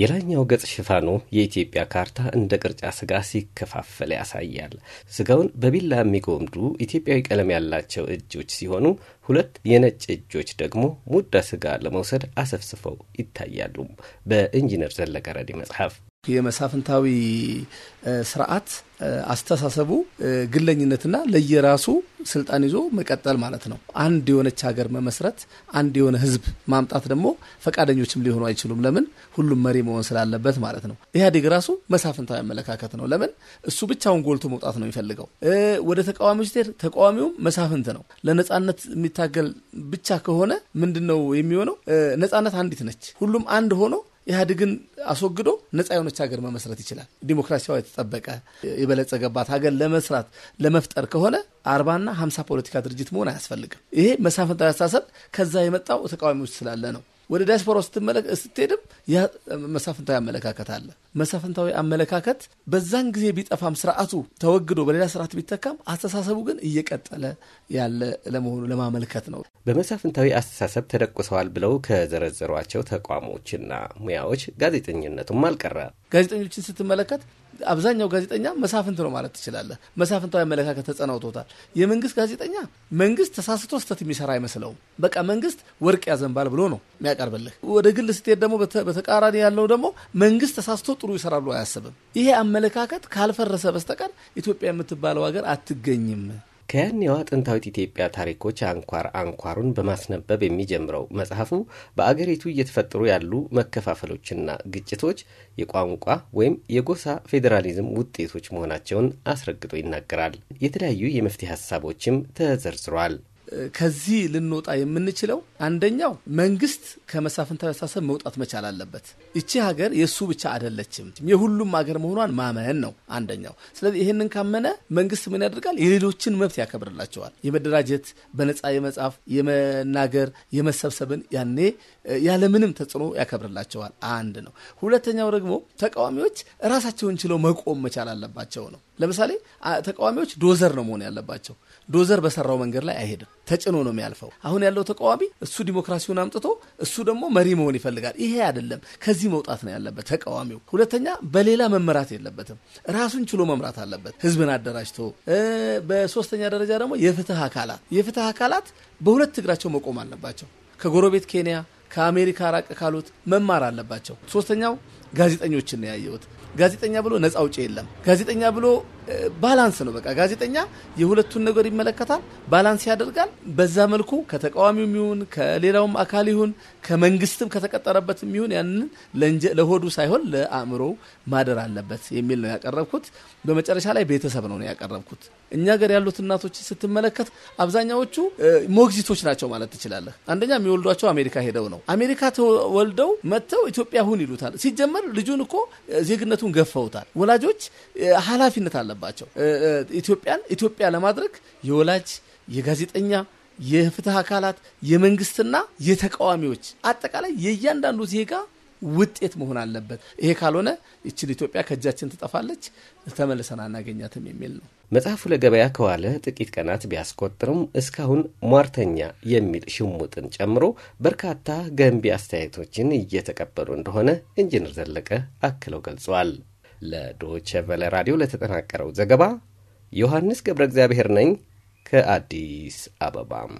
የላይኛው ገጽ ሽፋኑ የኢትዮጵያ ካርታ እንደ ቅርጫ ስጋ ሲከፋፈል ያሳያል። ስጋውን በቢላ የሚጎምዱ ኢትዮጵያዊ ቀለም ያላቸው እጆች ሲሆኑ ሁለት የነጭ እጆች ደግሞ ሙዳ ስጋ ለመውሰድ አሰፍስፈው ይታያሉ። በኢንጂነር ዘለቀ ረዲ መጽሐፍ የመሳፍንታዊ ስርዓት አስተሳሰቡ ግለኝነትና ለየራሱ ስልጣን ይዞ መቀጠል ማለት ነው። አንድ የሆነች ሀገር መመስረት፣ አንድ የሆነ ህዝብ ማምጣት ደግሞ ፈቃደኞችም ሊሆኑ አይችሉም። ለምን? ሁሉም መሪ መሆን ስላለበት ማለት ነው። ኢህአዴግ ራሱ መሳፍንታዊ አመለካከት ነው። ለምን? እሱ ብቻውን ጎልቶ መውጣት ነው የሚፈልገው። ወደ ተቃዋሚዎች ሄድ፣ ተቃዋሚውም መሳፍንት ነው። ለነጻነት የሚታገል ብቻ ከሆነ ምንድን ነው የሚሆነው? ነጻነት አንዲት ነች። ሁሉም አንድ ሆኖ ኢህአዴግን አስወግዶ ነፃ የሆነች ሀገር መመስረት ይችላል። ዲሞክራሲያዊ የተጠበቀ የበለጸገባት ሀገር ለመስራት ለመፍጠር ከሆነ አርባና ሀምሳ ፖለቲካ ድርጅት መሆን አያስፈልግም። ይሄ መሳፍንታዊ አስተሳሰብ ከዛ የመጣው ተቃዋሚዎች ስላለ ነው። ወደ ዲያስፖራ ስትሄድም መሳፍንታዊ አመለካከት አለ። መሳፍንታዊ አመለካከት በዛን ጊዜ ቢጠፋም ስርዓቱ ተወግዶ በሌላ ስርዓት ቢተካም አስተሳሰቡ ግን እየቀጠለ ያለ ለመሆኑ ለማመልከት ነው። በመሳፍንታዊ አስተሳሰብ ተደቁሰዋል ብለው ከዘረዘሯቸው ተቋሞችና ሙያዎች ጋዜጠኝነቱም አልቀረ። ጋዜጠኞችን ስትመለከት አብዛኛው ጋዜጠኛ መሳፍንት ነው ማለት ትችላለህ። መሳፍንታዊ አመለካከት ተጸናውቶታል። የመንግስት ጋዜጠኛ መንግስት ተሳስቶ ስተት የሚሰራ አይመስለውም። በቃ መንግስት ወርቅ ያዘንባል ብሎ ነው የሚያቀርብልህ። ወደ ግል ስትሄድ ደግሞ በተቃራኒ ያለው ደግሞ መንግስት ተሳስቶ ጥሩ ይሰራ ብሎ አያስብም። ይሄ አመለካከት ካልፈረሰ በስተቀር ኢትዮጵያ የምትባለው ሀገር አትገኝም። ከያኔዋ ጥንታዊት ኢትዮጵያ ታሪኮች አንኳር አንኳሩን በማስነበብ የሚጀምረው መጽሐፉ በአገሪቱ እየተፈጠሩ ያሉ መከፋፈሎችና ግጭቶች የቋንቋ ወይም የጎሳ ፌዴራሊዝም ውጤቶች መሆናቸውን አስረግጦ ይናገራል። የተለያዩ የመፍትሄ ሀሳቦችም ተዘርዝሯል። ከዚህ ልንወጣ የምንችለው አንደኛው መንግስት ከመሳፍን አስተሳሰብ መውጣት መቻል አለበት። ይቺ ሀገር የእሱ ብቻ አይደለችም፣ የሁሉም ሀገር መሆኗን ማመን ነው አንደኛው። ስለዚህ ይህንን ካመነ መንግስት ምን ያደርጋል? የሌሎችን መብት ያከብርላቸዋል። የመደራጀት በነፃ የመጻፍ የመናገር፣ የመሰብሰብን ያኔ ያለምንም ተጽዕኖ ያከብርላቸዋል። አንድ ነው። ሁለተኛው ደግሞ ተቃዋሚዎች ራሳቸውን ችለው መቆም መቻል አለባቸው ነው። ለምሳሌ ተቃዋሚዎች ዶዘር ነው መሆን ያለባቸው። ዶዘር በሰራው መንገድ ላይ አይሄድም፣ ተጭኖ ነው የሚያልፈው። አሁን ያለው ተቃዋሚ እሱ ዲሞክራሲውን አምጥቶ እሱ ደግሞ መሪ መሆን ይፈልጋል። ይሄ አይደለም፣ ከዚህ መውጣት ነው ያለበት ተቃዋሚው። ሁለተኛ በሌላ መመራት የለበትም፣ ራሱን ችሎ መምራት አለበት፣ ህዝብን አደራጅቶ። በሶስተኛ ደረጃ ደግሞ የፍትህ አካላት የፍትህ አካላት በሁለት እግራቸው መቆም አለባቸው ከጎረቤት ኬንያ ከአሜሪካ ራቅ ካሉት መማር አለባቸው። ሶስተኛው ጋዜጠኞችን ነው ያየሁት። ጋዜጠኛ ብሎ ነፃ አውጪ የለም። ጋዜጠኛ ብሎ ባላንስ ነው። በቃ ጋዜጠኛ የሁለቱን ነገር ይመለከታል፣ ባላንስ ያደርጋል። በዛ መልኩ ከተቃዋሚውም ይሁን ከሌላውም አካል ይሁን ከመንግስትም ከተቀጠረበትም ይሁን ያንን ለሆዱ ሳይሆን ለአእምሮ ማደር አለበት የሚል ነው ያቀረብኩት። በመጨረሻ ላይ ቤተሰብ ነው ያቀረብኩት። እኛ ገር ያሉት እናቶች ስትመለከት አብዛኛዎቹ ሞግዚቶች ናቸው ማለት ትችላለህ። አንደኛ የሚወልዷቸው አሜሪካ ሄደው ነው። አሜሪካ ተወልደው መጥተው ኢትዮጵያ ሁን ይሉታል። ሲጀመር ልጁን እኮ ዜግነቱን ገፈውታል። ወላጆች ኃላፊነት አለ አለባቸው። ኢትዮጵያን ኢትዮጵያ ለማድረግ የወላጅ የጋዜጠኛ የፍትህ አካላት የመንግስትና የተቃዋሚዎች አጠቃላይ የእያንዳንዱ ዜጋ ውጤት መሆን አለበት። ይሄ ካልሆነ ይችል ኢትዮጵያ ከእጃችን ትጠፋለች፣ ተመልሰን አናገኛትም የሚል ነው። መጽሐፉ ለገበያ ከዋለ ጥቂት ቀናት ቢያስቆጥርም እስካሁን ሟርተኛ የሚል ሽሙጥን ጨምሮ በርካታ ገንቢ አስተያየቶችን እየተቀበሉ እንደሆነ ኢንጂነር ዘለቀ አክለው ገልጿል። ለዶቼ ራዲዮ ለተጠናቀረው ዘገባ ዮሐንስ ገብረ እግዚአብሔር ነኝ ከአዲስ አበባም